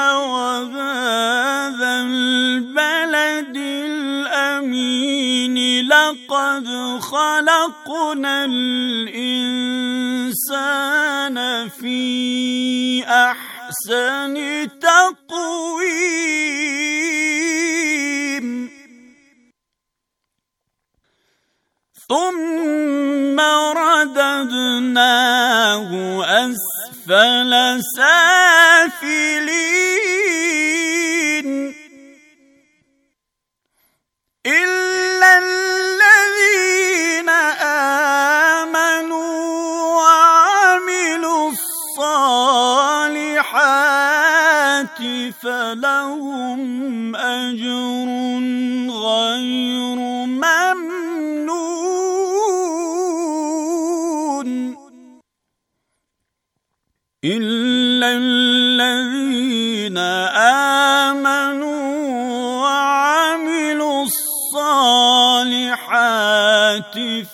وهذا البلد الأمين لقد خلقنا الإنسان في أحسن تقويم ثم رددناه أس أسفل سافلين إلا الذين آمنوا وعملوا الصالحات فلهم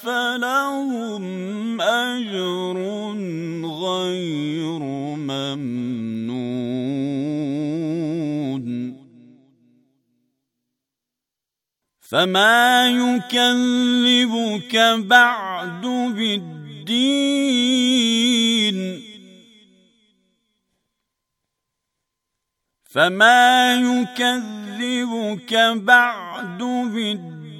فلهم أجر غير ممنون فما يكذبك بعد بالدين فما يكذبك بعد بالدين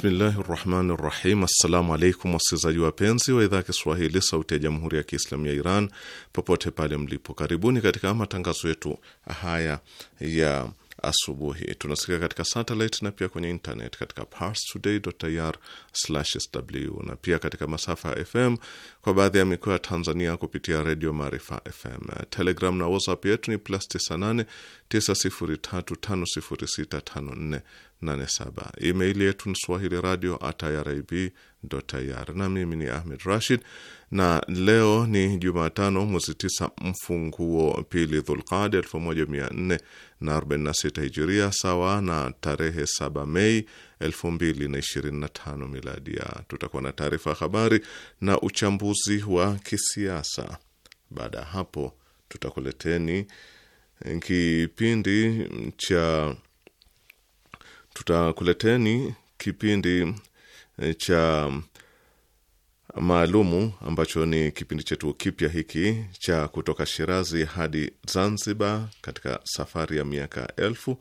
Bismillahi rahmani rahim. Assalamu alaikum wasikilizaji wapenzi wa idhaa ya Kiswahili sauti ya jamhuri ya Kiislamu ya Iran popote pale mlipo, karibuni katika matangazo yetu haya ya asubuhi. Tunasikia katika satellite na pia kwenye internet katika parstoday.ir/sw na pia katika masafa ya FM kwa baadhi ya mikoa ya Tanzania kupitia redio Maarifa FM. Telegram na WhatsApp yetu ni plus 98 Email yetu ni swahili radio at irib Na mimi ni Ahmed Rashid, na leo ni Jumatano mwezi 9 mfunguo pili Dhulqada 1446 Hijiria, sawa na tarehe 7 Mei 2025 miladia. Tutakuwa na taarifa ya habari na uchambuzi wa kisiasa. Baada ya hapo, tutakuleteni kipindi cha tutakuleteni kipindi eh, cha maalumu ambacho ni kipindi chetu kipya hiki cha kutoka Shirazi hadi Zanzibar katika safari ya miaka elfu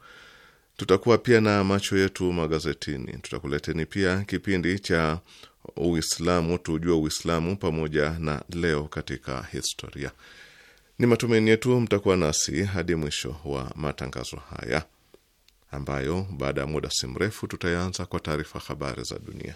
Tutakuwa pia na macho yetu magazetini. Tutakuleteni pia kipindi cha Uislamu, tujue Uislamu, pamoja na leo katika historia. Ni matumaini yetu mtakuwa nasi hadi mwisho wa matangazo haya, ambayo baada ya muda si mrefu tutayaanza kwa taarifa habari za dunia.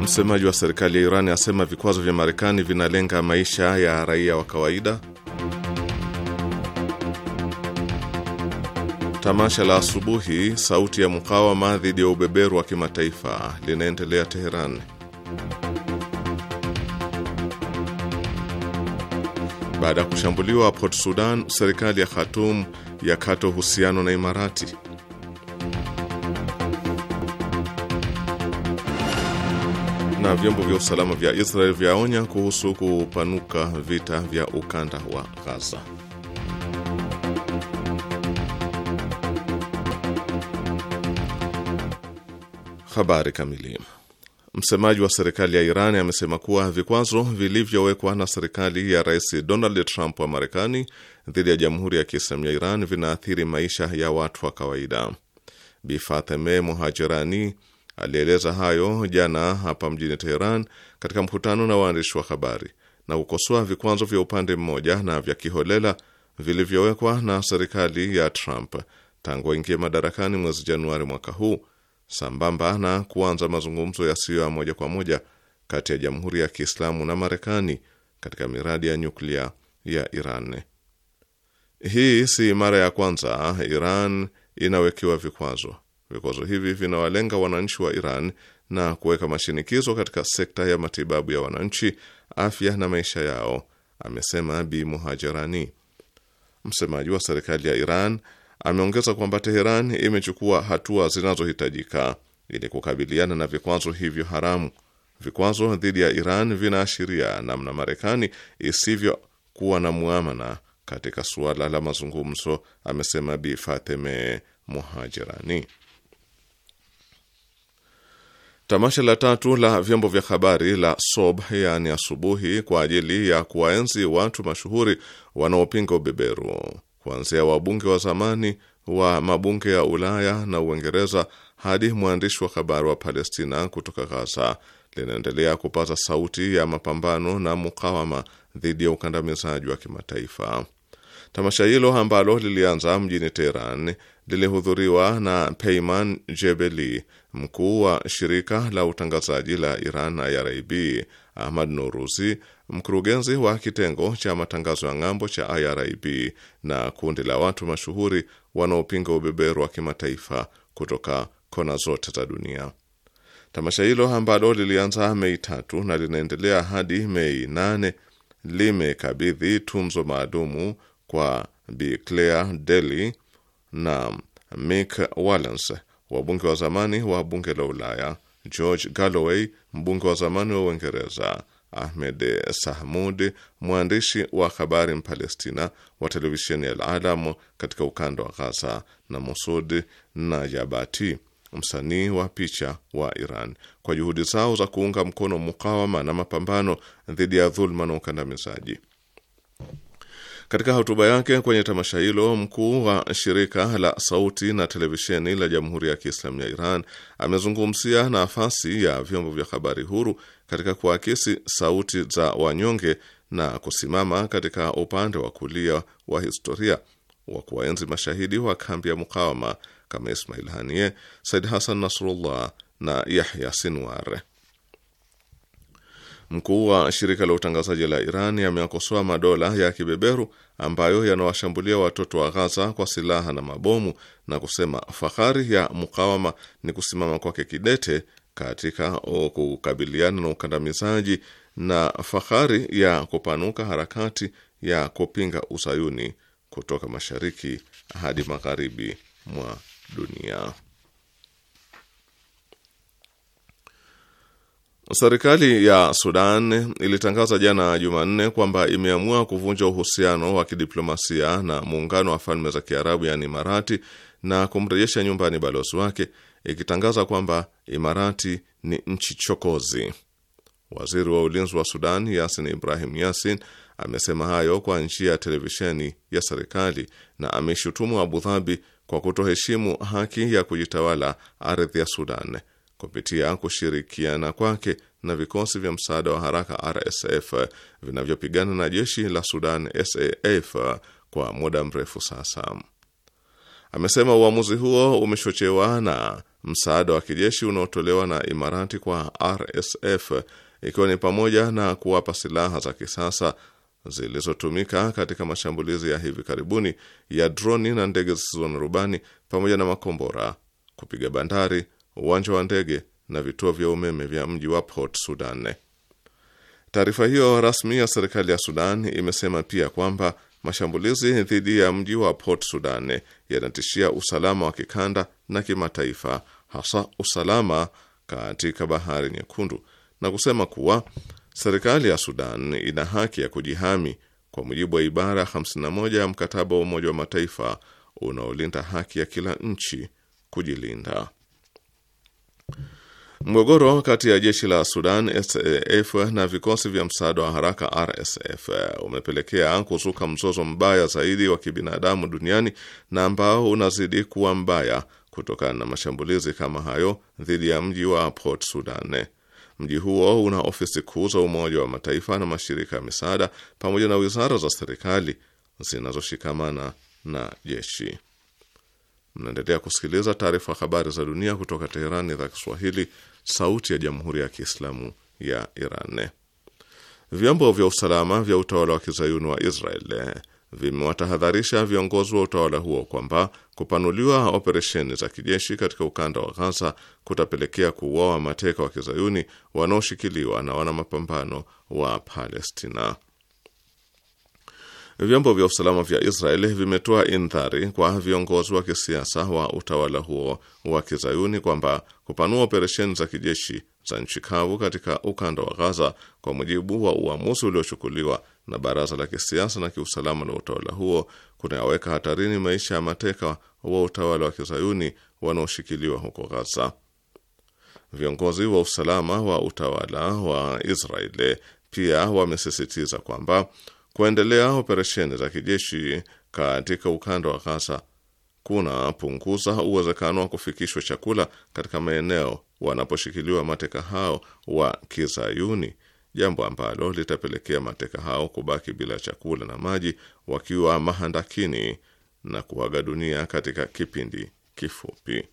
Msemaji wa serikali ya Iran asema vikwazo vya Marekani vinalenga maisha ya raia wa kawaida. Tamasha la asubuhi sauti ya mukawama dhidi ya ubeberu wa kimataifa linaendelea Teheran. Baada ya kushambuliwa Port Sudan, serikali ya Khartoum yakata uhusiano na Imarati. na vyombo vya usalama vya Israel vyaonya kuhusu kupanuka vita vya ukanda wa Gaza. Habari kamili. Msemaji wa serikali ya Iran amesema kuwa vikwazo vilivyowekwa na serikali ya Rais Donald Trump wa Marekani dhidi ya Jamhuri ya Kiislamu ya Iran vinaathiri maisha ya watu wa kawaida. Bi Fateme Mohajerani Alieleza hayo jana hapa mjini Teheran katika mkutano na waandishi wa habari na kukosoa vikwazo vya upande mmoja na vya kiholela vilivyowekwa na serikali ya Trump tangu aingie madarakani mwezi Januari mwaka huu, sambamba na kuanza mazungumzo yasiyo ya moja kwa moja kati ya Jamhuri ya Kiislamu na Marekani katika miradi ya nyuklia ya Iran. Hii si mara ya kwanza Iran inawekewa vikwazo Vikwazo hivi vinawalenga wananchi wa Iran na kuweka mashinikizo katika sekta ya matibabu ya wananchi, afya na maisha yao, amesema Bi Muhajerani. Msemaji wa serikali ya Iran ameongeza kwamba Teheran imechukua hatua zinazohitajika ili kukabiliana na vikwazo hivyo haramu. Vikwazo dhidi ya Iran vinaashiria namna Marekani isivyokuwa na muamana katika suala la mazungumzo, amesema Bi Fateme Muhajerani. Tamasha la tatu la vyombo vya habari la Sob, yaani asubuhi, kwa ajili ya kuwaenzi watu mashuhuri wanaopinga ubeberu, kuanzia wabunge wa zamani wa mabunge ya Ulaya na Uingereza hadi mwandishi wa habari wa Palestina kutoka Gaza, linaendelea kupata sauti ya mapambano na mukawama dhidi ya ukandamizaji wa kimataifa. Tamasha hilo ambalo lilianza mjini Teheran lilihudhuriwa na Peyman Jebeli, Mkuu wa shirika la utangazaji la Iran IRIB Ahmad Nuruzi, mkurugenzi wa kitengo cha matangazo ya ng'ambo cha IRIB na kundi la watu mashuhuri wanaopinga ubeberu wa kimataifa kutoka kona zote za dunia. Tamasha hilo ambalo lilianza Mei tatu na linaendelea hadi Mei nane limekabidhi tunzo maalumu kwa Bi Claire Daly na Mick Walens wabunge wa zamani wa bunge la Ulaya George Galloway, mbunge wa zamani wa Uingereza, Ahmed Sahmud, mwandishi wa habari Mpalestina wa televisheni ya Alalam katika ukanda wa Ghaza, na musud na jabati msanii wa picha wa Iran, kwa juhudi zao za kuunga mkono mukawama na mapambano dhidi ya dhuluma na ukandamizaji. Katika hotuba yake kwenye tamasha hilo, mkuu wa shirika la sauti na televisheni la Jamhuri ya Kiislamu ya Iran amezungumzia nafasi ya vyombo vya habari huru katika kuakisi sauti za wanyonge na kusimama katika upande wa kulia wa historia wa kuwaenzi mashahidi wa kambi ya mukawama kama Ismail Hanie, Said Hassan Nasrullah na Yahya Sinwar. Mkuu wa shirika la utangazaji la Iran ameakosoa madola ya kibeberu ambayo yanawashambulia watoto wa Ghaza kwa silaha na mabomu na kusema fahari ya mukawama ni kusimama kwake kidete katika kukabiliana na ukandamizaji na fahari ya kupanuka harakati ya kupinga usayuni kutoka mashariki hadi magharibi mwa dunia. Serikali ya Sudan ilitangaza jana Jumanne kwamba imeamua kuvunja uhusiano wa kidiplomasia na muungano wa falme za Kiarabu yaani Imarati na kumrejesha nyumbani balozi wake ikitangaza kwamba Imarati ni nchi chokozi. Waziri wa ulinzi wa Sudan Yasin Ibrahim Yasin amesema hayo kwa njia ya televisheni ya serikali na ameshutumu Abu Dhabi kwa kutoheshimu haki ya kujitawala ardhi ya Sudan kupitia kushirikiana kwake na vikosi vya msaada wa haraka RSF vinavyopigana na jeshi la Sudan SAF kwa muda mrefu sasa. Amesema uamuzi huo umechochewa na msaada wa kijeshi unaotolewa na Imarati kwa RSF, ikiwa ni pamoja na kuwapa silaha za kisasa zilizotumika katika mashambulizi ya hivi karibuni ya droni na ndege zisizo na rubani pamoja na makombora, kupiga bandari uwanja wa ndege na vituo vya umeme vya mji wa Port Sudan. Taarifa hiyo rasmi ya serikali ya Sudan imesema pia kwamba mashambulizi dhidi ya mji wa Port Sudan yanatishia usalama wa kikanda na kimataifa, hasa usalama katika bahari Nyekundu, na kusema kuwa serikali ya Sudan ina haki ya kujihami kwa mujibu wa ibara 51 ya mkataba wa Umoja wa Mataifa unaolinda haki ya kila nchi kujilinda. Mgogoro kati ya jeshi la Sudan SAF na vikosi vya msaada wa haraka RSF umepelekea kuzuka mzozo mbaya zaidi wa kibinadamu duniani na ambao unazidi kuwa mbaya kutokana na mashambulizi kama hayo dhidi ya mji wa Port Sudan. Mji huo una ofisi kuu za Umoja wa Mataifa na mashirika ya misaada pamoja na wizara za serikali zinazoshikamana na jeshi. Mnaendelea kusikiliza taarifa habari za dunia kutoka Teherani, idhaa Kiswahili, sauti ya jamhuri ya kiislamu ya Iran. Vyombo vya usalama vya utawala wa kizayuni wa Israel eh, vimewatahadharisha viongozi wa utawala huo kwamba kupanuliwa operesheni za kijeshi katika ukanda wa Ghaza kutapelekea kuuawa mateka wa kizayuni wanaoshikiliwa na wana mapambano wa Palestina. Vyombo vya usalama vya Israeli vimetoa indhari kwa viongozi wa kisiasa wa utawala huo wa kizayuni kwamba kupanua operesheni za kijeshi za nchi kavu katika ukanda wa Ghaza kwa mujibu wa uamuzi uliochukuliwa na baraza la kisiasa na kiusalama la utawala huo kunayaweka hatarini maisha ya mateka wa utawala wa kizayuni wanaoshikiliwa huko Ghaza. Viongozi wa usalama wa utawala wa Israeli pia wamesisitiza kwamba Kuendelea operesheni za kijeshi katika ukanda wa Ghaza kunapunguza uwezekano wa kufikishwa chakula katika maeneo wanaposhikiliwa mateka hao wa Kizayuni, jambo ambalo litapelekea mateka hao kubaki bila chakula na maji wakiwa mahandakini na kuaga dunia katika kipindi kifupi.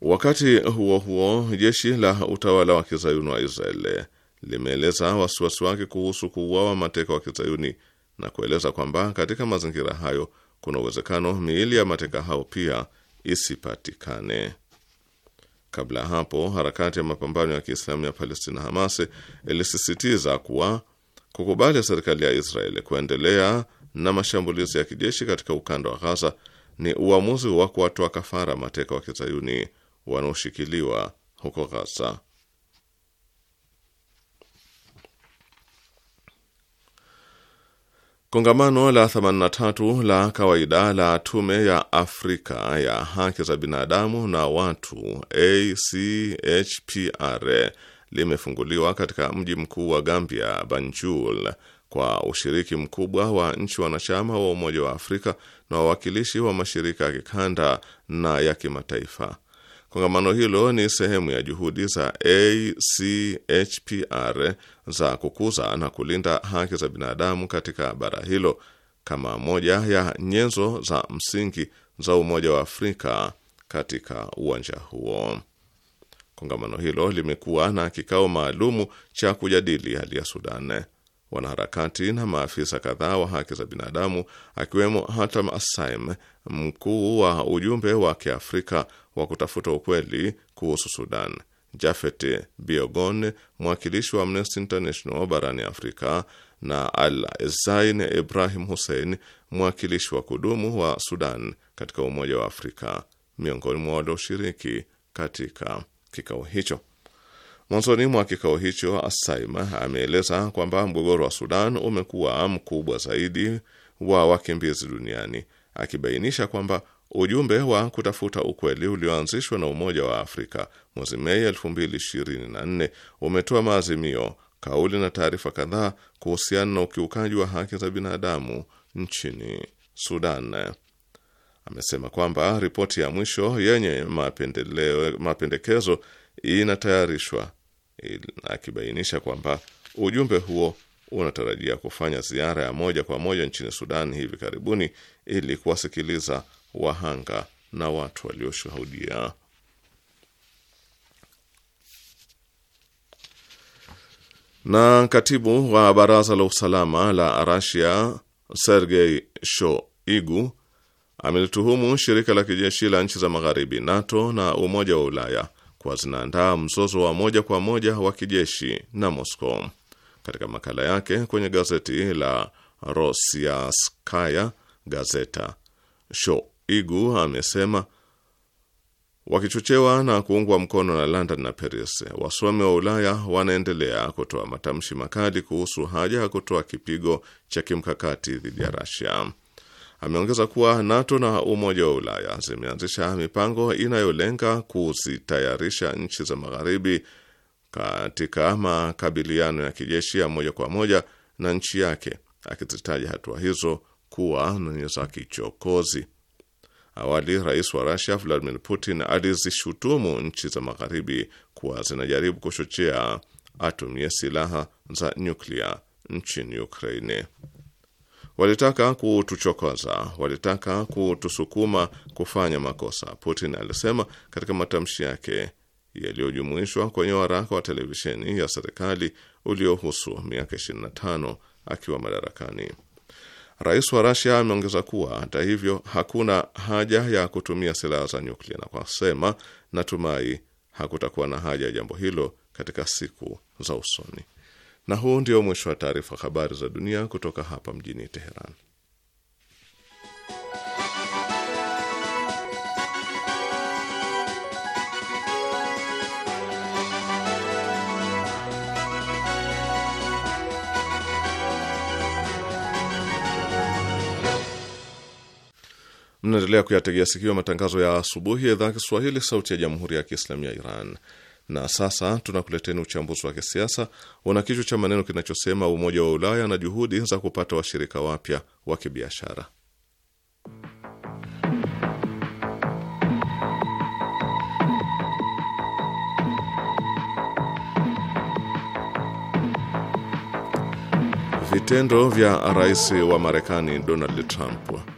Wakati huo huo, jeshi la utawala wa Kizayuni wa Israeli limeeleza wasiwasi wake kuhusu kuuawa mateka wa kizayuni na kueleza kwamba katika mazingira hayo kuna uwezekano miili ya mateka hao pia isipatikane. Kabla ya hapo, harakati ya mapambano ya Kiislamu ya Palestina, Hamas, ilisisitiza kuwa kukubali serikali ya Israeli kuendelea na mashambulizi ya kijeshi katika ukanda wa Ghaza ni uamuzi wa kuwatoa kafara mateka wa kizayuni wanaoshikiliwa huko Ghaza. Kongamano la 83 la kawaida la Tume ya Afrika ya Haki za Binadamu na Watu ACHPR limefunguliwa katika mji mkuu wa Gambia, Banjul, kwa ushiriki mkubwa wa nchi wanachama wa Umoja wa Afrika na wawakilishi wa mashirika ya kikanda na ya kimataifa. Kongamano hilo ni sehemu ya juhudi za ACHPR za kukuza na kulinda haki za binadamu katika bara hilo kama moja ya nyenzo za msingi za Umoja wa Afrika katika uwanja huo. Kongamano hilo limekuwa na kikao maalumu cha kujadili hali ya Sudan. Wanaharakati na maafisa kadhaa wa haki za binadamu akiwemo Hatam Asaim mkuu wa ujumbe wa kiafrika wa kutafuta ukweli kuhusu Sudan, Jafet Biogon, mwakilishi wa Amnesty International barani Afrika, na Al Zain Ibrahim Hussein, mwakilishi wa kudumu wa Sudan katika Umoja wa Afrika, miongoni mwa walioshiriki katika kikao hicho. Mwanzoni mwa kikao hicho, Asaima ameeleza kwamba mgogoro wa Sudan umekuwa mkubwa zaidi wa wakimbizi duniani akibainisha kwamba ujumbe wa kutafuta ukweli ulioanzishwa na Umoja wa Afrika mwezi Mei 2024 umetoa maazimio, kauli na taarifa kadhaa kuhusiana na ukiukaji wa haki za binadamu nchini Sudan. Amesema kwamba ripoti ya mwisho yenye mapendekezo inatayarishwa, akibainisha kwamba ujumbe huo unatarajia kufanya ziara ya moja kwa moja nchini Sudan hivi karibuni ili kuwasikiliza wahanga na watu walioshuhudia. Na katibu wa baraza la usalama la Rasia Sergei Shoigu amelituhumu shirika la kijeshi la nchi za magharibi NATO na Umoja wa Ulaya kwa zinaandaa mzozo wa moja kwa moja wa kijeshi na Moscow katika makala yake kwenye gazeti la rosiaskaya Gazeta. Shoigu amesema wakichochewa na kuungwa mkono na London na Paris, wasomi wa Ulaya wanaendelea kutoa matamshi makali kuhusu haja ya kutoa kipigo cha kimkakati dhidi ya Russia. Ameongeza kuwa NATO na Umoja wa Ulaya zimeanzisha mipango inayolenga kuzitayarisha nchi za magharibi katika makabiliano ya kijeshi ya moja kwa moja na nchi yake, akizitaja hatua hizo kuwa ni za kichokozi. Awali rais wa Rusia Vladimir Putin alizishutumu nchi za magharibi kuwa zinajaribu kuchochea atumie silaha za nyuklia nchini Ukraine. Walitaka kutuchokoza, walitaka kutusukuma kufanya makosa, Putin alisema katika matamshi yake yaliyojumuishwa kwenye waraka wa televisheni ya serikali uliohusu miaka 25 akiwa madarakani. Rais wa Rasia ameongeza kuwa hata hivyo, hakuna haja ya kutumia silaha za nyuklia na kwasema, natumai hakutakuwa na haja ya jambo hilo katika siku za usoni. Na huu ndio mwisho wa taarifa habari za dunia kutoka hapa mjini Teheran. Mnaendelea kuyategea sikio matangazo ya asubuhi ya idhaa ya Kiswahili, sauti ya jamhuri ya kiislamu ya Iran. Na sasa tunakuleteni uchambuzi wa kisiasa una kichwa cha maneno kinachosema umoja wa Ulaya na juhudi za kupata washirika wapya wa, wa kibiashara. Vitendo vya rais wa Marekani Donald Trump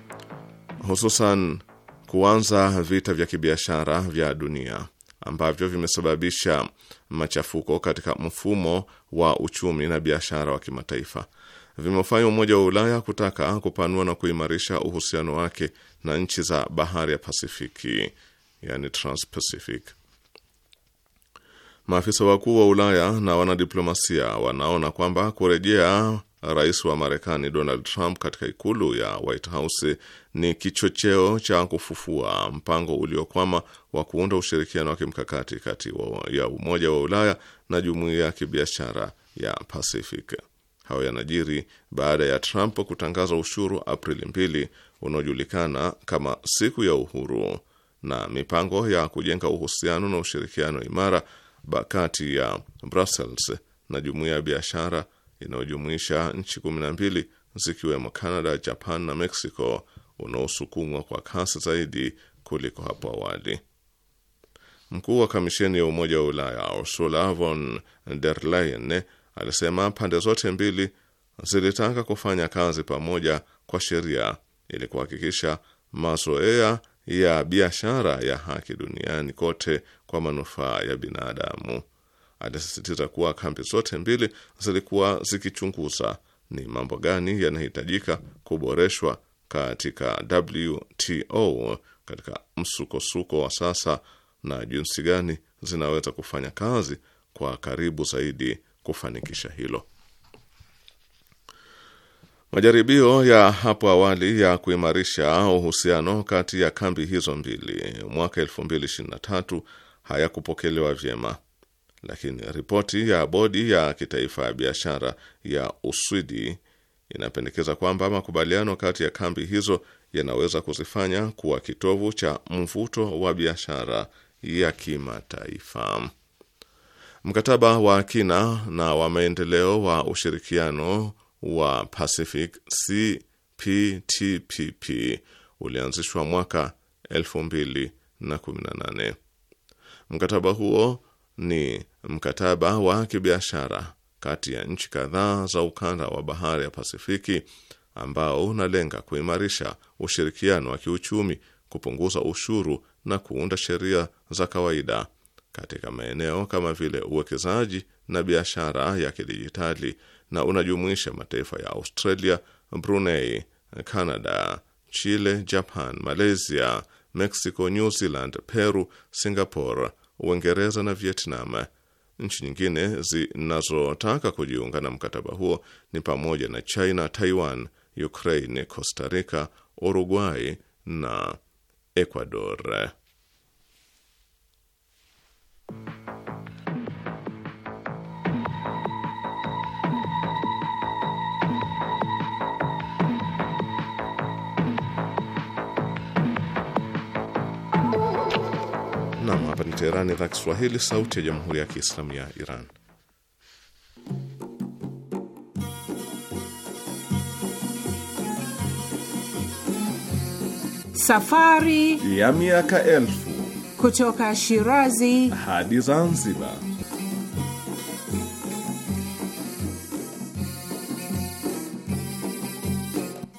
hususan kuanza vita vya kibiashara vya dunia ambavyo vimesababisha machafuko katika mfumo wa uchumi na biashara wa kimataifa vimefanya Umoja wa Ulaya kutaka kupanua na kuimarisha uhusiano wake na nchi za bahari ya Pasifiki, yani Transpacific. Maafisa wakuu wa Ulaya na wanadiplomasia wanaona kwamba kurejea rais wa Marekani Donald Trump katika ikulu ya White House ni kichocheo cha kufufua mpango uliokwama wa kuunda ushirikiano wa kimkakati kati ya Umoja wa Ulaya na Jumuiya ya Kibiashara ya Pacific. Hayo yanajiri baada ya Trump kutangaza ushuru Aprili mbili unaojulikana kama siku ya uhuru na mipango ya kujenga uhusiano na ushirikiano imara kati ya Brussels na Jumuiya ya Biashara inayojumuisha nchi 12 zikiwemo Canada, Japan na Mexico unaosukumwa kwa kasi zaidi kuliko hapo awali. Mkuu wa kamisheni ya Umoja wa Ulaya Ursula von der Leyen alisema pande zote mbili zilitaka kufanya kazi pamoja kwa sheria ili kuhakikisha mazoea ya biashara ya haki duniani kote kwa manufaa ya binadamu alisisitiza kuwa kambi zote mbili zilikuwa zikichunguza ni mambo gani yanahitajika kuboreshwa katika WTO katika msukosuko wa sasa na jinsi gani zinaweza kufanya kazi kwa karibu zaidi kufanikisha hilo. Majaribio ya hapo awali ya kuimarisha uhusiano kati ya kambi hizo mbili mwaka 2023 hayakupokelewa vyema lakini ripoti ya bodi ya kitaifa ya biashara ya Uswidi inapendekeza kwamba makubaliano kati ya kambi hizo yanaweza kuzifanya kuwa kitovu cha mvuto wa biashara ya kimataifa. Mkataba wa kina na wa maendeleo wa ushirikiano wa Pacific CPTPP ulianzishwa mwaka 2018. Mkataba huo ni mkataba wa kibiashara kati ya nchi kadhaa za ukanda wa bahari ya Pasifiki ambao unalenga kuimarisha ushirikiano wa kiuchumi, kupunguza ushuru na kuunda sheria za kawaida katika maeneo kama vile uwekezaji na biashara ya kidijitali na unajumuisha mataifa ya Australia, Brunei, Canada, Chile, Japan, Malaysia, Mexico, New Zealand, Peru, Singapore, Uingereza na Vietnam Nchi nyingine zinazotaka kujiunga na mkataba huo ni pamoja na China, Taiwan, Ukraine, Costa Rica, Uruguay na Ecuador. Teheran, idhaa Kiswahili, sauti ya jamhuri ya kiislamu ya Iran. Safari ya miaka elfu kutoka Shirazi hadi Zanzibar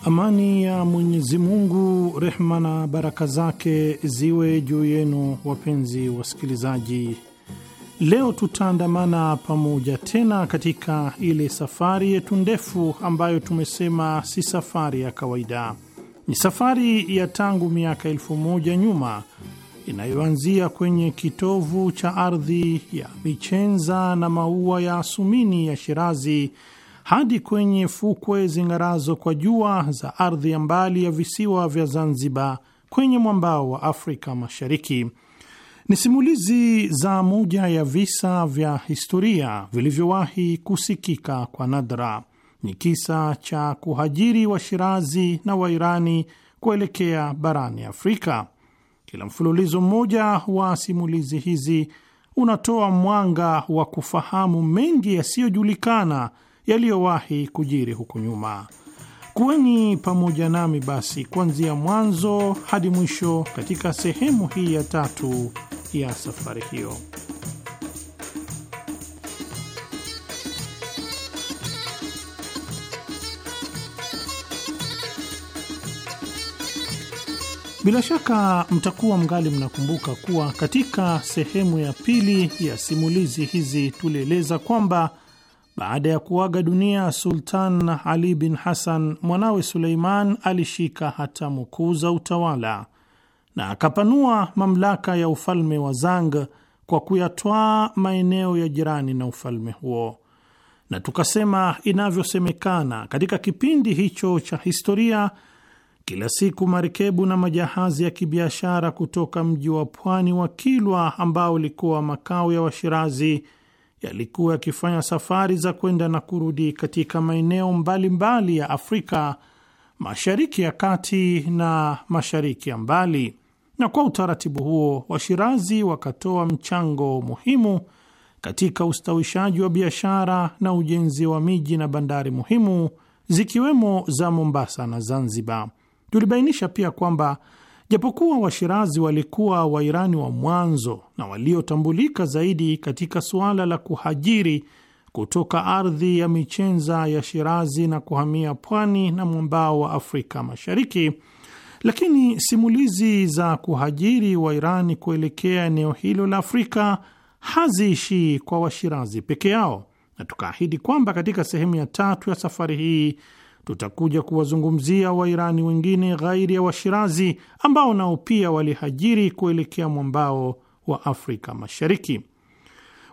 Amani ya Mwenyezi Mungu, rehma na baraka zake ziwe juu yenu, wapenzi wasikilizaji. Leo tutaandamana pamoja tena katika ile safari yetu ndefu ambayo tumesema si safari ya kawaida, ni safari ya tangu miaka elfu moja nyuma inayoanzia kwenye kitovu cha ardhi ya michenza na maua ya asumini ya Shirazi hadi kwenye fukwe zing'arazo kwa jua za ardhi ya mbali ya visiwa vya Zanzibar kwenye mwambao wa Afrika Mashariki. Ni simulizi za moja ya visa vya historia vilivyowahi kusikika kwa nadra. Ni kisa cha kuhajiri Washirazi na Wairani kuelekea barani Afrika. Kila mfululizo mmoja wa simulizi hizi unatoa mwanga wa kufahamu mengi yasiyojulikana yaliyowahi kujiri huko nyuma. Kuweni pamoja nami basi kuanzia mwanzo hadi mwisho katika sehemu hii ya tatu ya safari hiyo. Bila shaka mtakuwa mgali mnakumbuka kuwa katika sehemu ya pili ya simulizi hizi tulieleza kwamba baada ya kuaga dunia Sultan Ali bin Hasan, mwanawe Suleiman alishika hatamu kuu za utawala na akapanua mamlaka ya ufalme wa Zang kwa kuyatwaa maeneo ya jirani na ufalme huo. Na tukasema inavyosemekana, katika kipindi hicho cha historia, kila siku marekebu na majahazi ya kibiashara kutoka mji wa pwani wa Kilwa ambao ulikuwa makao ya Washirazi yalikuwa yakifanya safari za kwenda na kurudi katika maeneo mbalimbali ya Afrika, Mashariki ya Kati na Mashariki ya Mbali, na kwa utaratibu huo Washirazi wakatoa mchango muhimu katika ustawishaji wa biashara na ujenzi wa miji na bandari muhimu zikiwemo za Mombasa na Zanzibar. Tulibainisha pia kwamba Japokuwa Washirazi walikuwa Wairani wa mwanzo na waliotambulika zaidi katika suala la kuhajiri kutoka ardhi ya michenza ya Shirazi na kuhamia pwani na mwambao wa Afrika Mashariki, lakini simulizi za kuhajiri Wairani kuelekea eneo hilo la Afrika haziishii kwa Washirazi peke yao, na tukaahidi kwamba katika sehemu ya tatu ya safari hii tutakuja kuwazungumzia Wairani wengine ghairi ya Washirazi ambao nao pia walihajiri kuelekea mwambao wa Afrika Mashariki.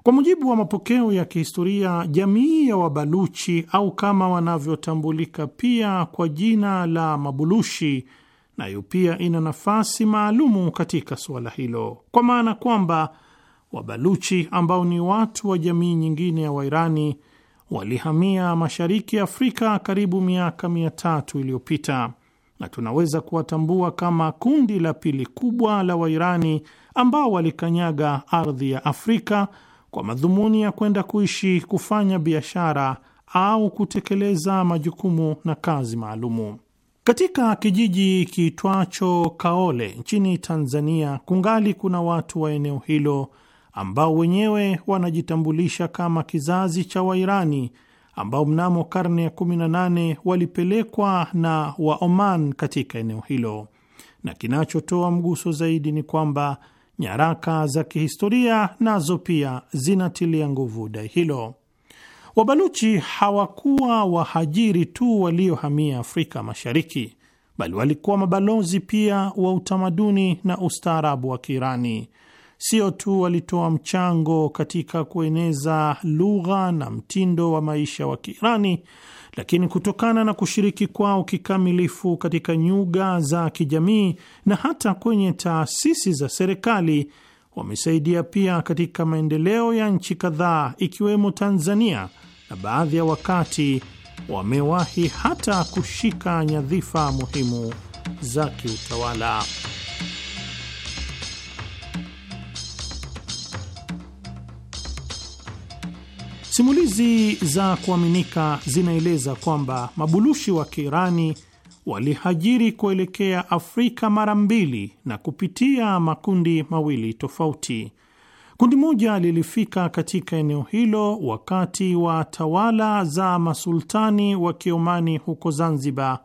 Kwa mujibu wa mapokeo ya kihistoria, jamii ya Wabaluchi au kama wanavyotambulika pia kwa jina la Mabulushi, nayo pia ina nafasi maalumu katika suala hilo, kwa maana kwamba Wabaluchi ambao ni watu wa jamii nyingine ya Wairani walihamia mashariki ya Afrika karibu miaka mia tatu iliyopita na tunaweza kuwatambua kama kundi la pili kubwa la Wairani ambao walikanyaga ardhi ya Afrika kwa madhumuni ya kwenda kuishi, kufanya biashara au kutekeleza majukumu na kazi maalumu. Katika kijiji kiitwacho Kaole nchini Tanzania kungali kuna watu wa eneo hilo ambao wenyewe wanajitambulisha kama kizazi cha Wairani ambao mnamo karne ya 18 walipelekwa na wa Oman katika eneo hilo. Na kinachotoa mguso zaidi ni kwamba nyaraka za kihistoria nazo pia zinatilia nguvu dai hilo. Wabaluchi hawakuwa wahajiri tu waliohamia Afrika Mashariki, bali walikuwa mabalozi pia wa utamaduni na ustaarabu wa Kiirani sio tu walitoa mchango katika kueneza lugha na mtindo wa maisha wa Kiirani, lakini kutokana na kushiriki kwao kikamilifu katika nyuga za kijamii na hata kwenye taasisi za serikali, wamesaidia pia katika maendeleo ya nchi kadhaa ikiwemo Tanzania, na baadhi ya wakati wamewahi hata kushika nyadhifa muhimu za kiutawala. Simulizi za kuaminika zinaeleza kwamba mabulushi wa Kiirani walihajiri kuelekea Afrika mara mbili na kupitia makundi mawili tofauti. Kundi moja lilifika katika eneo hilo wakati wa tawala za masultani wa Kiomani huko Zanzibar,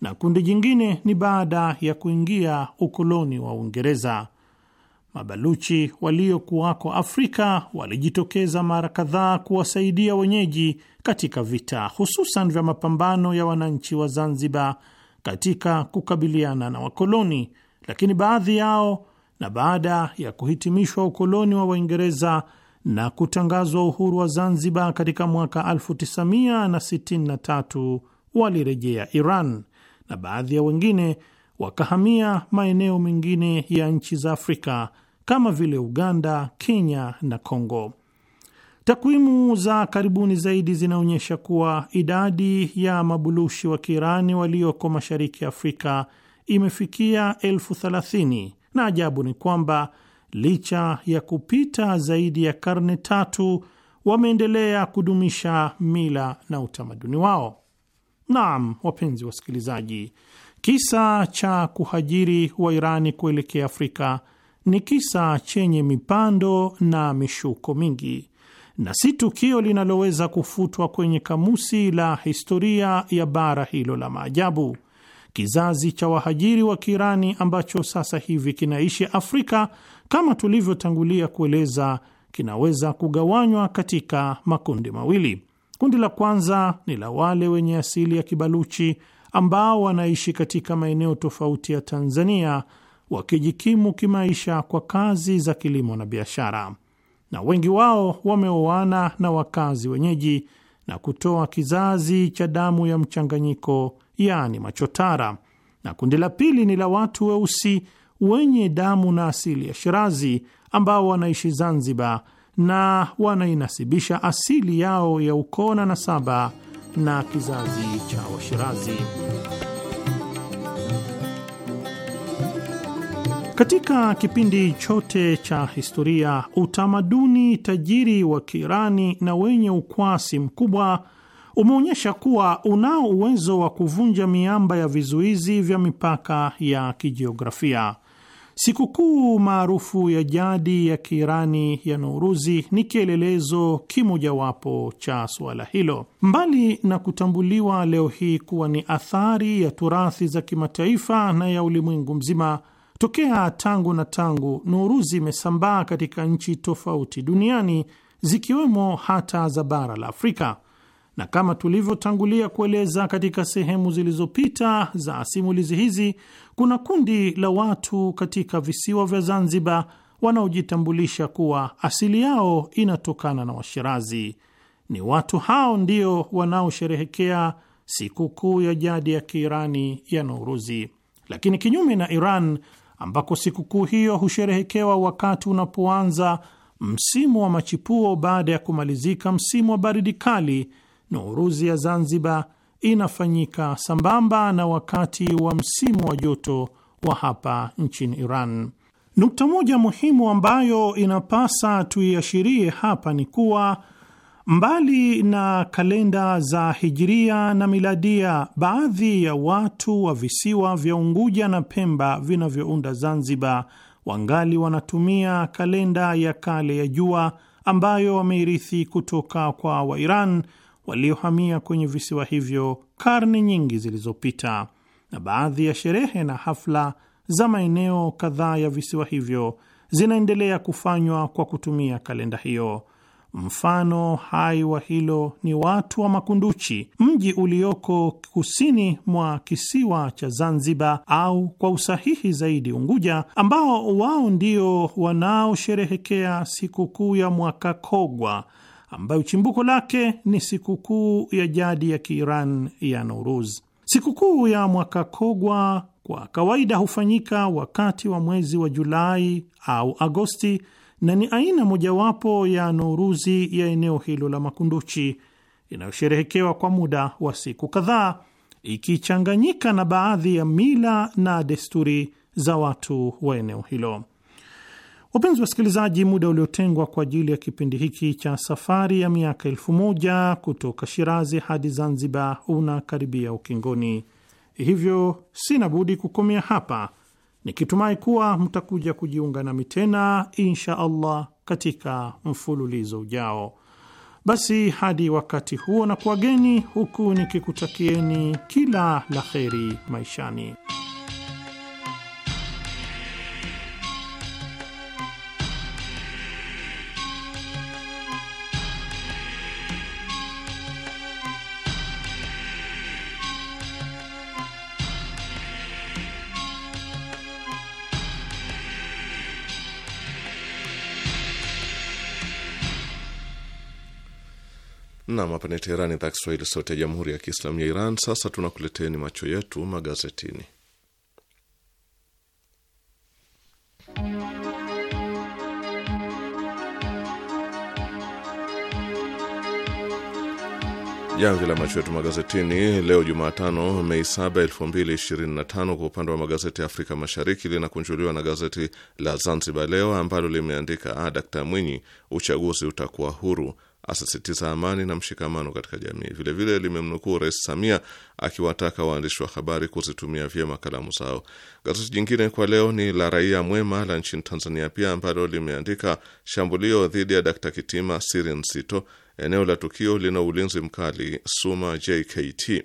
na kundi jingine ni baada ya kuingia ukoloni wa Uingereza. Mabaluchi waliokuwako Afrika walijitokeza mara kadhaa kuwasaidia wenyeji katika vita, hususan vya mapambano ya wananchi wa Zanzibar katika kukabiliana na wakoloni, lakini baadhi yao na baada ya kuhitimishwa ukoloni wa Waingereza na kutangazwa uhuru wa Zanzibar katika mwaka 1963 walirejea Iran na baadhi ya wengine wakahamia maeneo mengine ya nchi za Afrika kama vile Uganda, Kenya na Kongo. Takwimu za karibuni zaidi zinaonyesha kuwa idadi ya mabulushi wa Kiirani walioko mashariki Afrika imefikia elfu thelathini na ajabu ni kwamba licha ya kupita zaidi ya karne tatu wameendelea kudumisha mila na utamaduni wao. Naam, wapenzi wasikilizaji, kisa cha kuhajiri wa Irani kuelekea Afrika ni kisa chenye mipando na mishuko mingi na si tukio linaloweza kufutwa kwenye kamusi la historia ya bara hilo la maajabu. Kizazi cha wahajiri wa kirani ambacho sasa hivi kinaishi Afrika, kama tulivyotangulia kueleza, kinaweza kugawanywa katika makundi mawili. Kundi la kwanza ni la wale wenye asili ya Kibaluchi ambao wanaishi katika maeneo tofauti ya Tanzania wakijikimu kimaisha kwa kazi za kilimo na biashara, na wengi wao wameoana na wakazi wenyeji na kutoa kizazi cha damu ya mchanganyiko, yaani machotara. Na kundi la pili ni la watu weusi wenye damu na asili ya Shirazi ambao wanaishi Zanzibar na wanainasibisha asili yao ya ukoo na nasaba na kizazi cha Washirazi. Katika kipindi chote cha historia, utamaduni tajiri wa Kiirani na wenye ukwasi mkubwa umeonyesha kuwa unao uwezo wa kuvunja miamba ya vizuizi vya mipaka ya kijiografia. Sikukuu maarufu ya jadi ya Kiirani ya Nouruzi ni kielelezo kimojawapo cha suala hilo. Mbali na kutambuliwa leo hii kuwa ni athari ya turathi za kimataifa na ya ulimwengu mzima Tokea tangu na tangu, nuru imesambaa katika nchi tofauti duniani zikiwemo hata za bara la Afrika, na kama tulivyotangulia kueleza katika sehemu zilizopita za simulizi hizi, kuna kundi la watu katika visiwa vya Zanzibar wanaojitambulisha kuwa asili yao inatokana na Washirazi. Ni watu hao ndio wanaosherehekea sikukuu ya jadi ya Kiirani ya Nouruzi. Lakini kinyume na Iran, ambako sikukuu hiyo husherehekewa wakati unapoanza msimu wa machipuo baada ya kumalizika msimu wa baridi kali. Nuhuruzi ya Zanzibar inafanyika sambamba na wakati wa msimu wa joto wa hapa nchini Iran. Nukta moja muhimu ambayo inapasa tuiashirie hapa ni kuwa Mbali na kalenda za hijiria na miladia, baadhi ya watu wa visiwa vya Unguja na Pemba vinavyounda Zanzibar wangali wanatumia kalenda ya kale ya jua ambayo wameirithi kutoka kwa Wairan waliohamia kwenye visiwa hivyo karne nyingi zilizopita, na baadhi ya sherehe na hafla za maeneo kadhaa ya visiwa hivyo zinaendelea kufanywa kwa kutumia kalenda hiyo. Mfano hai wa hilo ni watu wa Makunduchi, mji ulioko kusini mwa kisiwa cha Zanzibar, au kwa usahihi zaidi Unguja, ambao wao ndio wanaosherehekea sikukuu ya mwaka Kogwa ambayo chimbuko lake ni sikukuu ya jadi ya Kiiran ya nouruz Sikukuu ya mwaka Kogwa kwa kawaida hufanyika wakati wa mwezi wa Julai au Agosti na ni aina mojawapo ya Nouruzi ya eneo hilo la Makunduchi inayosherehekewa kwa muda wa siku kadhaa ikichanganyika na baadhi ya mila na desturi za watu wa eneo hilo. Wapenzi wasikilizaji, muda uliotengwa kwa ajili ya kipindi hiki cha safari ya miaka elfu moja kutoka Shirazi hadi Zanzibar unakaribia ukingoni, hivyo sina budi kukomea hapa nikitumai kuwa mtakuja kujiunga nami tena insha Allah katika mfululizo ujao. Basi hadi wakati huo, na kuwageni huku nikikutakieni kila la kheri maishani. Nam, hapa ni Teherani, idhaa Kiswahili, sauti ya jamhuri ya kiislamu ya Iran. Sasa tunakuleteni macho yetu magazetini. Jamvi la macho yetu magazetini leo Jumatano, Mei 7, 2025 kwa upande wa magazeti ya Afrika Mashariki linakunjuliwa na gazeti la Zanzibar Leo ambalo limeandika ah, Dkt Mwinyi, uchaguzi utakuwa huru asisitiza amani na mshikamano katika jamii. Vilevile limemnukuu Rais Samia akiwataka waandishi wa habari kuzitumia vyema kalamu zao. Gazeti jingine kwa leo ni la Raia Mwema la nchini Tanzania pia ambalo limeandika shambulio dhidi ya Dkt Kitima, siri nzito, eneo la tukio lina ulinzi mkali, SUMA JKT.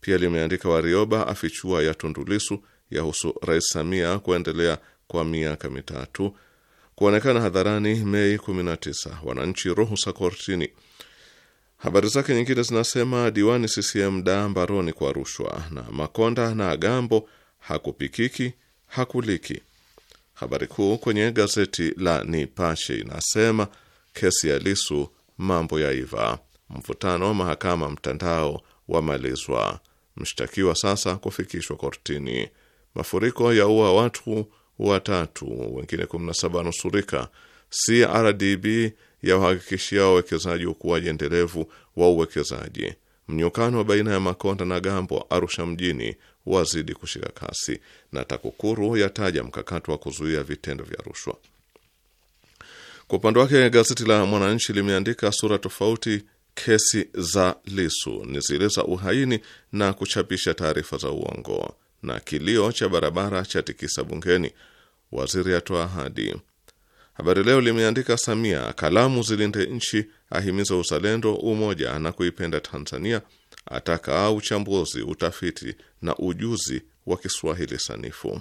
Pia limeandika Warioba afichua ya Tundulisu yahusu Rais Samia kuendelea kwa miaka mitatu kuonekana hadharani Mei 19, wananchi ruhusa kortini. Habari zake nyingine zinasema diwani CCM da mbaroni kwa rushwa, na Makonda na Agambo hakupikiki hakuliki. Habari kuu kwenye gazeti la Nipashe inasema kesi ya Lisu mambo ya iva mvutano wa mahakama mtandao wamalizwa, mshtakiwa sasa kufikishwa kortini, mafuriko ya ua watu watatu, wengine 17 nusurika. CRDB ya uhakikishia wawekezaji ukuaji endelevu wa uwekezaji. Mnyukano wa baina ya Makonda na Gambo Arusha mjini wazidi kushika kasi, na TAKUKURU yataja mkakati wa kuzuia vitendo vya rushwa. Kwa upande wake gazeti la Mwananchi limeandika sura tofauti kesi za Lisu ni zile za uhaini na kuchapisha taarifa za uongo na kilio cha barabara cha tikisa bungeni, waziri atoa ahadi. Habari Leo limeandika Samia, kalamu zilinde nchi, ahimiza uzalendo, umoja na kuipenda Tanzania, ataka uchambuzi, utafiti na ujuzi wa Kiswahili sanifu.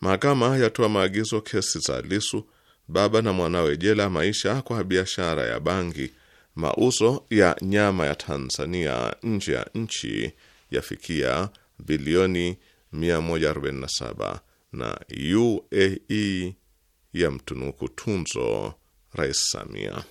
Mahakama yatoa maagizo kesi za Lisu, baba na mwanawe jela maisha kwa biashara ya bangi. Mauzo ya nyama ya Tanzania nje ya nchi yafikia bilioni 147 na UAE ya mtunuku tunzo Rais Samia.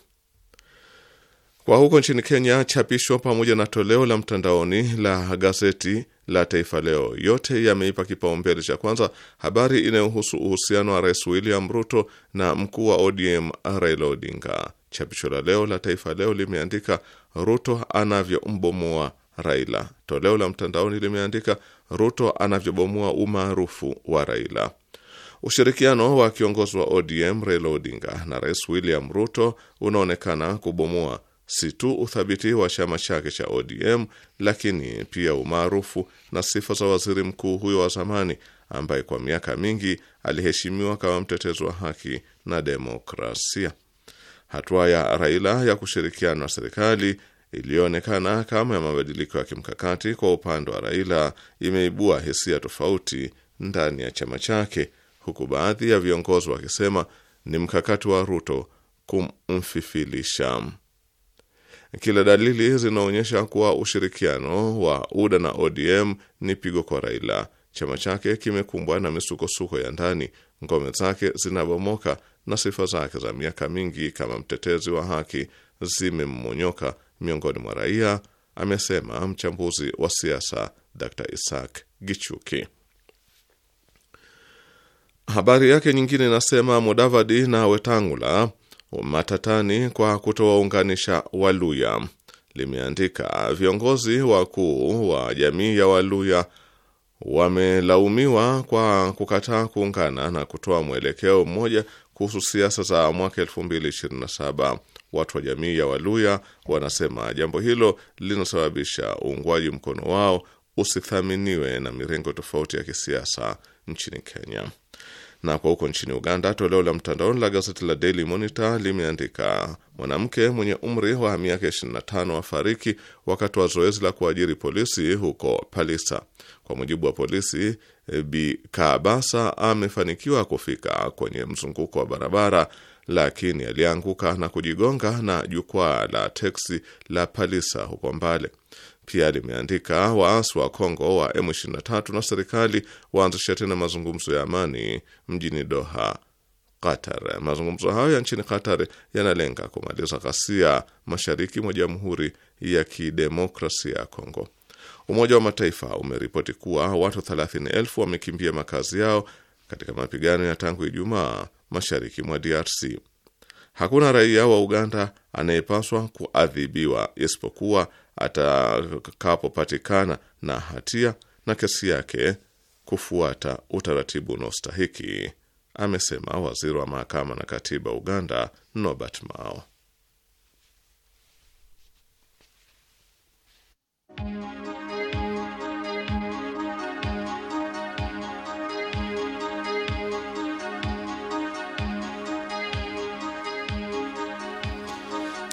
Kwa huko nchini Kenya, chapisho pamoja na toleo la mtandaoni la gazeti la Taifa Leo yote yameipa kipaumbele cha kwanza habari inayohusu uhusiano wa Rais William Ruto na mkuu wa ODM Raila Odinga. Chapisho la leo la Taifa Leo limeandika Ruto anavyombomoa Raila. Toleo la mtandaoni limeandika Ruto anavyobomoa umaarufu wa Raila. Ushirikiano wa kiongozi wa ODM Raila Odinga na Rais William Ruto unaonekana kubomoa si tu uthabiti wa chama chake cha ODM lakini pia umaarufu na sifa za waziri mkuu huyo wa zamani ambaye kwa miaka mingi aliheshimiwa kama mtetezi wa haki na demokrasia. Hatua ya Raila ya kushirikiana na serikali iliyoonekana kama ya mabadiliko ya kimkakati kwa upande wa Raila imeibua hisia tofauti ndani ya chama chake, huku baadhi ya viongozi wakisema ni mkakati wa Ruto kumfifilisha. Kila dalili zinaonyesha kuwa ushirikiano wa UDA na ODM ni pigo kwa Raila. Chama chake kimekumbwa na misukosuko ya ndani, ngome zake zinabomoka na sifa zake za miaka mingi kama mtetezi wa haki zimemmonyoka miongoni mwa raia, amesema mchambuzi wa siasa Dr Isaac Gichuki. Habari yake nyingine inasema Mudavadi na Wetangula matatani kwa kutowaunganisha Waluya. Limeandika viongozi wakuu wa jamii ya Waluya wamelaumiwa kwa kukataa kuungana na kutoa mwelekeo mmoja kuhusu siasa za mwaka 2027. Watu wa jamii ya Waluya wanasema jambo hilo linasababisha uungwaji mkono wao usithaminiwe na mirengo tofauti ya kisiasa nchini Kenya. Na kwa huko nchini Uganda, toleo la mtandaoni la gazeti la Daily Monitor limeandika mwanamke mwenye umri wa miaka 25 afariki wakati wa zoezi la kuajiri polisi huko Palisa. Kwa mujibu wa polisi, Bi Kabasa amefanikiwa kufika kwenye mzunguko wa barabara lakini alianguka na kujigonga na jukwaa la teksi la Palisa huko Mbale. Pia limeandika waasi wa Kongo wa M23 na serikali waanzisha tena mazungumzo ya amani mjini Doha, Qatar. Mazungumzo hayo ya nchini Qatar yanalenga kumaliza ghasia mashariki mwa Jamhuri ya Kidemokrasia ya Kongo. Umoja wa Mataifa umeripoti kuwa watu elfu wamekimbia makazi yao katika mapigano ya tangu Ijumaa mashariki mwa DRC. Hakuna raia wa Uganda anayepaswa kuadhibiwa isipokuwa atakapopatikana na hatia na kesi yake kufuata utaratibu unaostahiki, amesema waziri wa mahakama na katiba Uganda, Norbert Mao.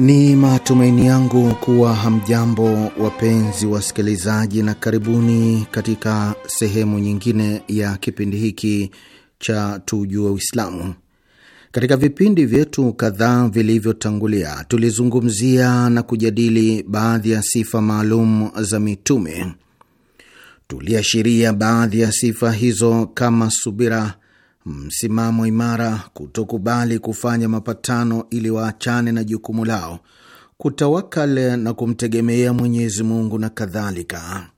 Ni matumaini yangu kuwa hamjambo wapenzi wasikilizaji, na karibuni katika sehemu nyingine ya kipindi hiki cha Tujue Uislamu. Katika vipindi vyetu kadhaa vilivyotangulia, tulizungumzia na kujadili baadhi ya sifa maalum za mitume. Tuliashiria baadhi ya sifa hizo kama subira, msimamo imara, kutokubali kufanya mapatano ili waachane na jukumu lao, kutawakal na kumtegemea Mwenyezi Mungu na kadhalika.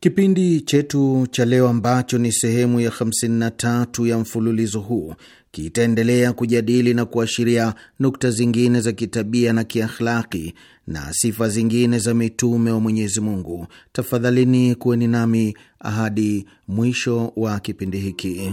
Kipindi chetu cha leo ambacho ni sehemu ya 53 ya mfululizo huu kitaendelea kujadili na kuashiria nukta zingine za kitabia na kiakhlaki na sifa zingine za mitume wa Mwenyezi Mungu. Tafadhalini kuweni nami ahadi mwisho wa kipindi hiki.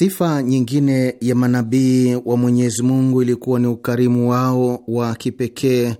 Sifa nyingine ya manabii wa Mwenyezi Mungu ilikuwa ni ukarimu wao wa kipekee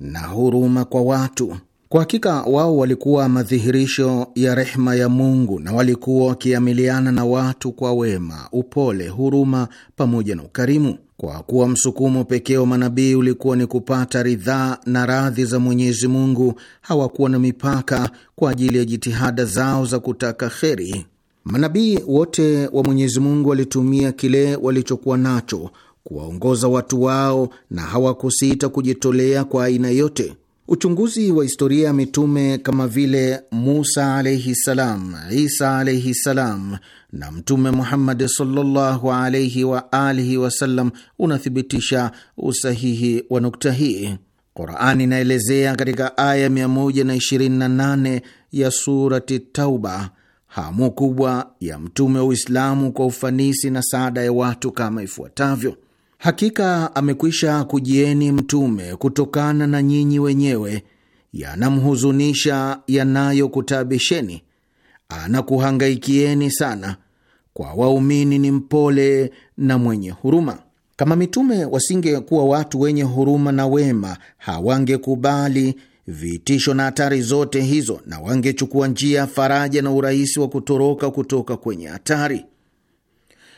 na huruma kwa watu. Kwa hakika wao walikuwa madhihirisho ya rehma ya Mungu na walikuwa wakiamiliana na watu kwa wema, upole, huruma pamoja na ukarimu. Kwa kuwa msukumo pekee wa manabii ulikuwa ni kupata ridhaa na radhi za Mwenyezi Mungu, hawakuwa na mipaka kwa ajili ya jitihada zao za kutaka kheri. Manabii wote wa Mwenyezi Mungu walitumia kile walichokuwa nacho kuwaongoza watu wao na hawakusita kujitolea kwa aina yote. Uchunguzi wa historia ya mitume kama vile Musa alaihi salam, Isa alaihi salam na Mtume Muhammad sallallahu alaihi wa alihi wasallam unathibitisha usahihi wa nukta hii. Qurani inaelezea katika aya 128 ya Surati Tauba hamu kubwa ya mtume wa Uislamu kwa ufanisi na saada ya watu kama ifuatavyo: hakika amekwisha kujieni mtume kutokana na nyinyi wenyewe, yanamhuzunisha yanayokutabisheni, anakuhangaikieni sana, kwa waumini ni mpole na mwenye huruma. Kama mitume wasingekuwa watu wenye huruma na wema, hawangekubali vitisho na hatari zote hizo, na wangechukua njia faraja na urahisi wa kutoroka kutoka kwenye hatari,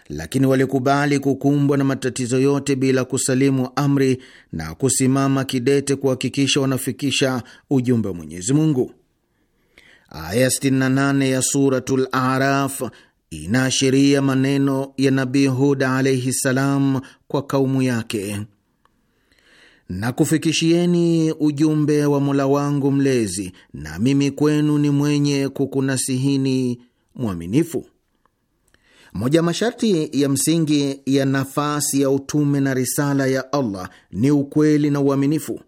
lakini walikubali kukumbwa na matatizo yote bila kusalimu amri na kusimama kidete kuhakikisha wanafikisha ujumbe wa Mwenyezi Mungu. Aya 68 ya Suratul Araf inaashiria maneno ya Nabii Hud alaihi salam kwa kaumu yake na kufikishieni ujumbe wa Mola wangu Mlezi, na mimi kwenu ni mwenye kukunasihini mwaminifu. Moja masharti ya msingi ya nafasi ya utume na risala ya Allah ni ukweli na uaminifu.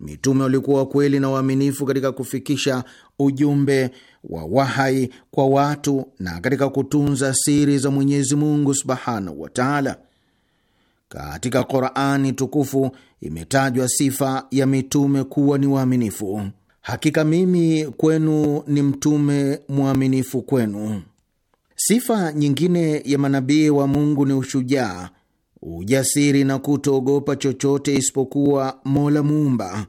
Mitume walikuwa wakweli na uaminifu katika kufikisha ujumbe wa wahai kwa watu na katika kutunza siri za Mwenyezi Mungu subhanahu wa taala. Katika Qurani tukufu imetajwa sifa ya mitume kuwa ni waaminifu: hakika mimi kwenu ni mtume mwaminifu kwenu. Sifa nyingine ya manabii wa Mungu ni ushujaa, ujasiri na kutoogopa chochote isipokuwa Mola Muumba.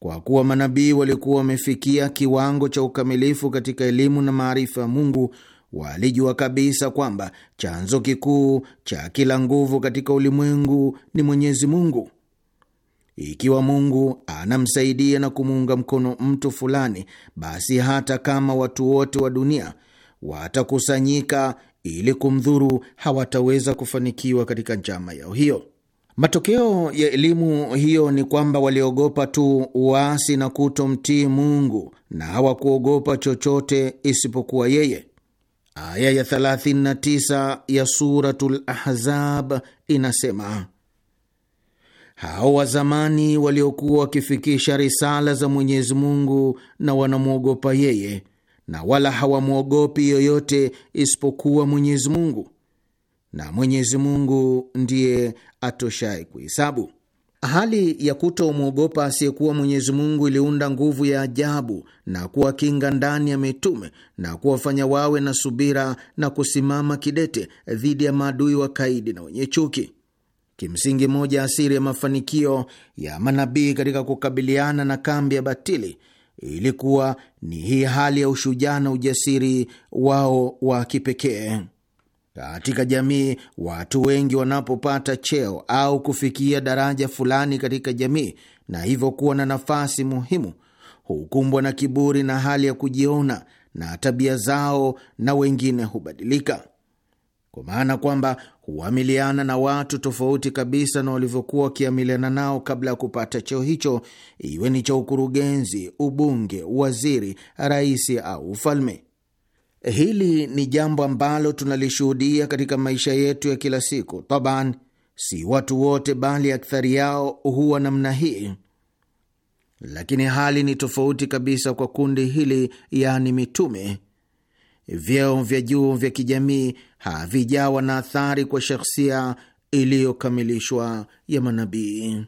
Kwa kuwa manabii walikuwa wamefikia kiwango cha ukamilifu katika elimu na maarifa ya Mungu walijua kabisa kwamba chanzo kikuu cha kila nguvu katika ulimwengu ni Mwenyezi Mungu. Ikiwa Mungu anamsaidia na kumuunga mkono mtu fulani, basi hata kama watu wote wa dunia watakusanyika ili kumdhuru, hawataweza kufanikiwa katika njama yao hiyo. Matokeo ya elimu hiyo ni kwamba waliogopa tu uasi na kutomtii Mungu, na hawakuogopa chochote isipokuwa yeye. Aya ya 39 ya Suratul Ahzab inasema, hao wa zamani waliokuwa wakifikisha risala za Mwenyezi Mungu na wanamwogopa yeye na wala hawamwogopi yoyote isipokuwa Mwenyezi Mungu, na Mwenyezi Mungu ndiye atoshai kuhesabu. Hali ya kutomwogopa asiyekuwa Mwenyezi Mungu iliunda nguvu ya ajabu na kuwakinga ndani ya mitume na kuwafanya wawe na subira na kusimama kidete dhidi ya maadui wa kaidi na wenye chuki. Kimsingi, moja asiri ya mafanikio ya manabii katika kukabiliana na kambi ya batili ilikuwa ni hii hali ya ushujaa na ujasiri wao wa kipekee. Katika jamii, watu wengi wanapopata cheo au kufikia daraja fulani katika jamii na hivyo kuwa na nafasi muhimu, hukumbwa na kiburi na hali ya kujiona, na tabia zao na wengine hubadilika, kwa maana kwamba huamiliana na watu tofauti kabisa na walivyokuwa wakiamiliana nao kabla ya kupata cheo hicho, iwe ni cha ukurugenzi, ubunge, waziri, rais au ufalme. Hili ni jambo ambalo tunalishuhudia katika maisha yetu ya kila siku. Taban, si watu wote, bali akthari yao huwa namna hii, lakini hali ni tofauti kabisa kwa kundi hili, yaani mitume. Vyeo vya juu vya kijamii havijawa na athari kwa shakhsia iliyokamilishwa ya manabii.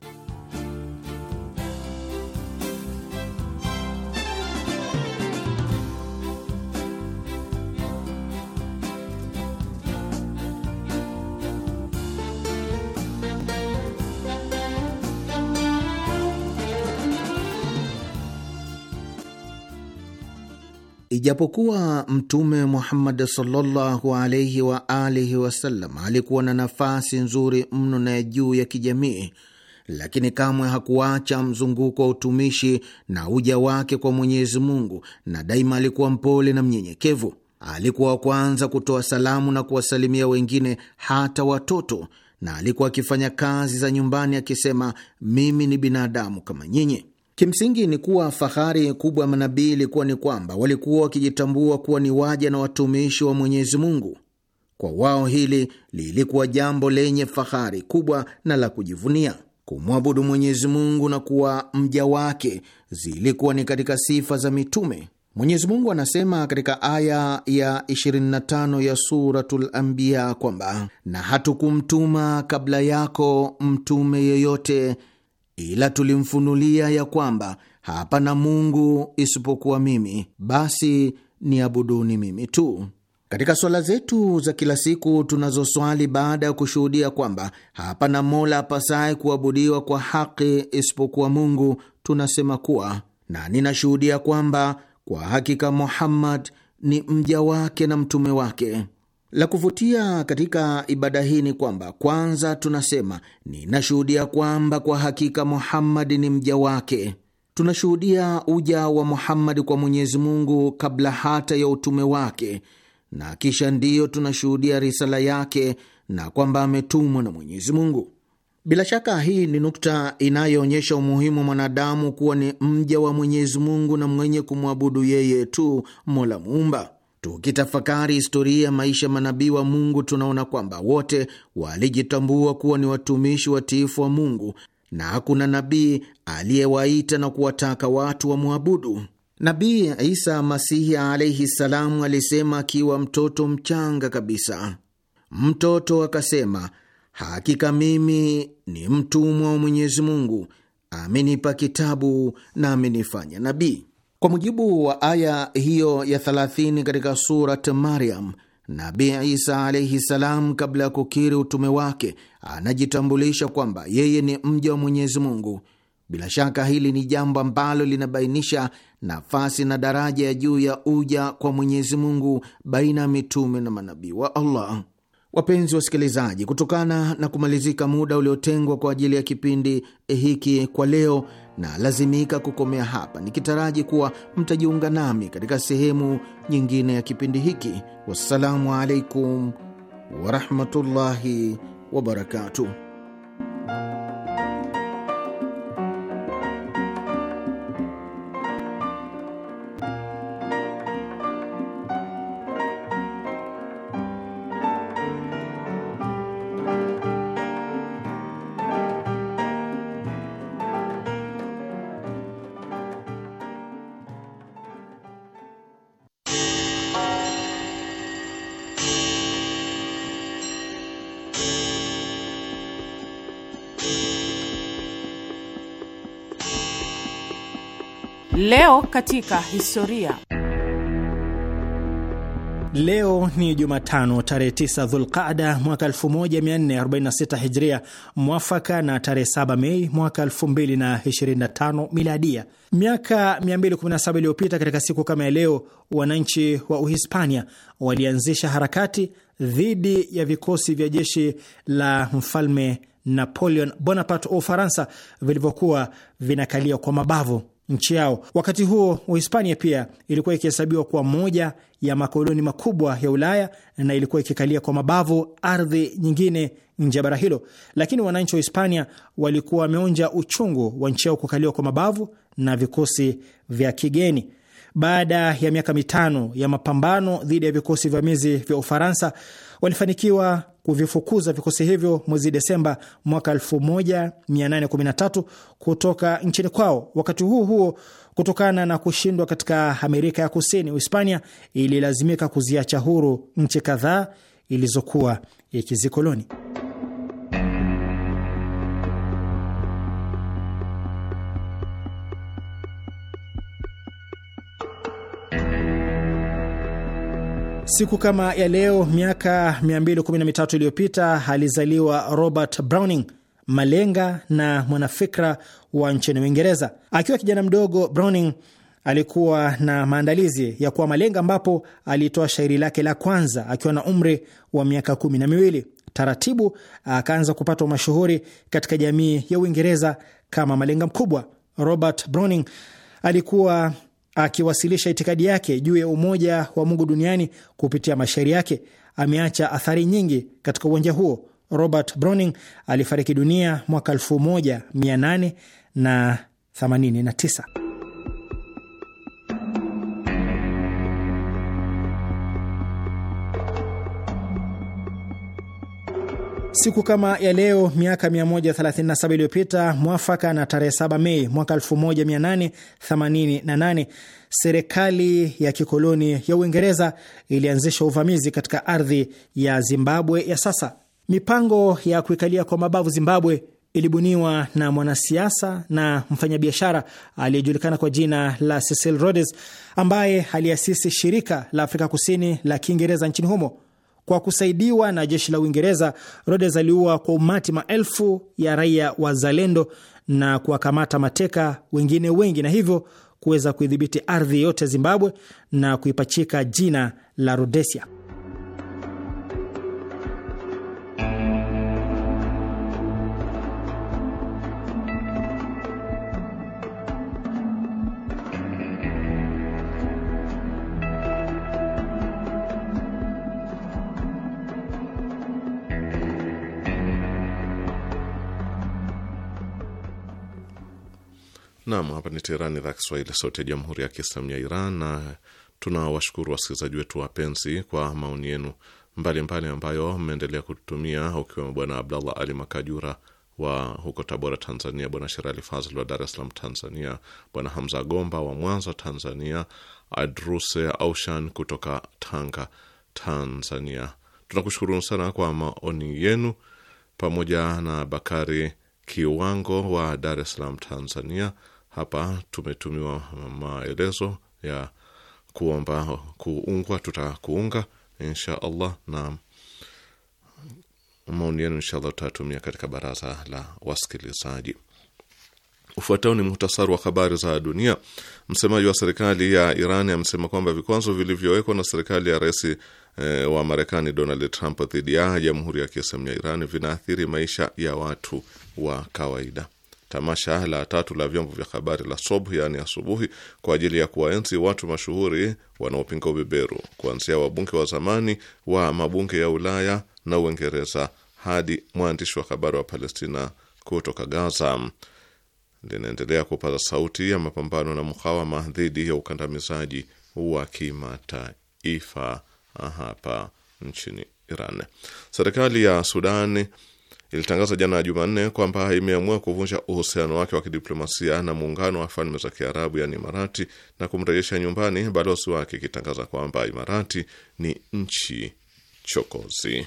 Ijapokuwa Mtume Muhammad sallallahu alaihi wa alihi wasallam alikuwa na nafasi nzuri mno na ya juu ya kijamii, lakini kamwe hakuacha mzunguko wa utumishi na uja wake kwa Mwenyezi Mungu, na daima alikuwa mpole na mnyenyekevu. Alikuwa wa kwanza kutoa salamu na kuwasalimia wengine, hata watoto, na alikuwa akifanya kazi za nyumbani akisema, mimi ni binadamu kama nyinyi. Kimsingi ni kuwa fahari kubwa manabii ilikuwa ni kwamba walikuwa wakijitambua kuwa ni waja na watumishi wa Mwenyezi Mungu. Kwa wao hili lilikuwa jambo lenye fahari kubwa na la kujivunia. Kumwabudu Mwenyezi Mungu na kuwa mja wake zilikuwa ni katika sifa za mitume. Mwenyezi Mungu anasema katika aya ya 25 ya Suratul Anbiya kwamba na hatukumtuma kabla yako mtume yeyote ila tulimfunulia ya kwamba hapana Mungu isipokuwa mimi, basi niabuduni mimi tu. Katika swala zetu za kila siku tunazoswali baada ya kushuhudia kwamba hapana mola apasaye kuabudiwa kwa haki isipokuwa Mungu, tunasema kuwa na ninashuhudia kwamba kwa hakika Muhammad ni mja wake na mtume wake. La kuvutia katika ibada hii ni kwamba kwanza tunasema ninashuhudia kwamba kwa hakika Muhammadi ni mja wake. Tunashuhudia uja wa Muhammadi kwa Mwenyezi Mungu kabla hata ya utume wake, na kisha ndiyo tunashuhudia risala yake na kwamba ametumwa na Mwenyezi Mungu. Bila shaka hii ni nukta inayoonyesha umuhimu wa mwanadamu kuwa ni mja wa Mwenyezi Mungu na mwenye kumwabudu yeye tu, Mola Muumba. Tukitafakari historia ya maisha manabii wa Mungu, tunaona kwamba wote walijitambua kuwa ni watumishi watiifu wa Mungu na hakuna nabii aliyewaita na kuwataka watu wa mwabudu Nabii Isa Masihi alaihi salamu alisema akiwa mtoto mchanga kabisa, mtoto akasema, hakika mimi ni mtumwa wa Mwenyezi Mungu, amenipa kitabu na amenifanya nabii. Kwa mujibu wa aya hiyo ya 30 katika Surat Mariam, Nabi Isa alaihi salam, kabla ya kukiri utume wake, anajitambulisha kwamba yeye ni mja wa Mwenyezi Mungu. Bila shaka hili ni jambo ambalo linabainisha nafasi na daraja ya juu ya uja kwa Mwenyezi Mungu baina ya mitume na manabii wa Allah. Wapenzi wasikilizaji, kutokana na kumalizika muda uliotengwa kwa ajili ya kipindi hiki kwa leo, na lazimika kukomea hapa, nikitaraji kuwa mtajiunga nami katika sehemu nyingine ya kipindi hiki. Wassalamu alaikum warahmatullahi wabarakatuh. Leo katika historia. Leo ni Jumatano tarehe 9 Dhulqada mwaka 1446 Hijria, mwafaka na tarehe 7 Mei mwaka 2025 Miladia. Miaka 217 iliyopita katika siku kama ya leo, wananchi wa Uhispania walianzisha harakati dhidi ya vikosi vya jeshi la mfalme Napoleon Bonaparte wa Ufaransa vilivyokuwa vinakalia kwa mabavu nchi yao. Wakati huo Uhispania pia ilikuwa ikihesabiwa kuwa moja ya makoloni makubwa ya Ulaya na ilikuwa ikikalia kwa mabavu ardhi nyingine nje ya bara hilo, lakini wananchi wa Hispania walikuwa wameonja uchungu wa nchi yao kukaliwa kwa mabavu na vikosi vya kigeni. Baada ya miaka mitano ya mapambano dhidi ya vikosi vamizi vya Ufaransa, walifanikiwa kuvifukuza vikosi hivyo mwezi Desemba mwaka 1813 kutoka nchini kwao. Wakati huo huo, kutokana na kushindwa katika Amerika ya Kusini, Uhispania ililazimika kuziacha huru nchi kadhaa ilizokuwa ikizikoloni. Siku kama ya leo miaka 213 iliyopita alizaliwa Robert Browning, malenga na mwanafikra wa nchini Uingereza. Akiwa kijana mdogo, Browning alikuwa na maandalizi ya kuwa malenga, ambapo alitoa shairi lake la kwanza akiwa na umri wa miaka kumi na miwili. Taratibu akaanza kupata mashuhuri katika jamii ya Uingereza kama malenga mkubwa. Robert Browning alikuwa akiwasilisha itikadi yake juu ya umoja wa Mungu duniani kupitia mashairi yake. Ameacha athari nyingi katika uwanja huo. Robert Browning alifariki dunia mwaka 1889. Siku kama ya leo miaka 137 iliyopita mwafaka na tarehe 7 Mei mwaka 1888 serikali ya kikoloni ya Uingereza ilianzisha uvamizi katika ardhi ya Zimbabwe ya sasa. Mipango ya kuikalia kwa mabavu Zimbabwe ilibuniwa na mwanasiasa na mfanyabiashara aliyejulikana kwa jina la Cecil Rhodes ambaye aliasisi shirika la Afrika Kusini la Kiingereza nchini humo. Kwa kusaidiwa na jeshi la Uingereza, Rhodes aliua kwa umati maelfu ya raia wa zalendo na kuwakamata mateka wengine wengi, na hivyo kuweza kuidhibiti ardhi yote ya Zimbabwe na kuipachika jina la Rhodesia. Naam, hapa ni Teherani, idhaa Kiswahili, sauti ya jamhuri ya kiislamu ya Iran, na tunawashukuru wasikilizaji wetu wapenzi kwa maoni yenu mbalimbali ambayo mmeendelea kututumia, ukiwemo Bwana Abdallah Ali Makajura wa huko Tabora, Tanzania, Bwana Sherali Fazl wa Dar es Salaam, Tanzania, Bwana Hamza Gomba wa Mwanza, Tanzania, Adruse Aushan kutoka Tanga, Tanzania. Tunakushukuru sana kwa maoni yenu, pamoja na Bakari Kiwango wa Dar es Salaam, Tanzania, hapa tumetumiwa maelezo ya kuomba kuungwa, tutakuunga insha allah, na maoni yenu insha allah tutatumia katika baraza la wasikilizaji. Ufuatao ni muhtasari wa habari za dunia. Msemaji wa serikali ya Iran amesema kwamba vikwazo vilivyowekwa na serikali ya rais eh, wa Marekani Donald Trump dhidi ya jamhuri ya Kiislamu ya Iran vinaathiri maisha ya watu wa kawaida tamasha la tatu la vyombo vya habari la Sob, yaani asubuhi, kwa ajili ya kuwaenzi watu mashuhuri wanaopinga ubeberu, kuanzia wabunge wa zamani wa mabunge ya Ulaya na Uingereza hadi mwandishi wa habari wa Palestina kutoka Gaza linaendelea kupaza sauti ya mapambano na mkawama dhidi ya ukandamizaji wa kimataifa hapa nchini Iran. Serikali ya sudani ilitangaza jana Jumanne kwamba imeamua kuvunja uhusiano wake wa kidiplomasia na muungano wa falme za Kiarabu, yani Imarati, na kumrejesha nyumbani balozi wake, ikitangaza kwamba Imarati ni nchi chokozi.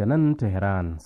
daga nan Tehran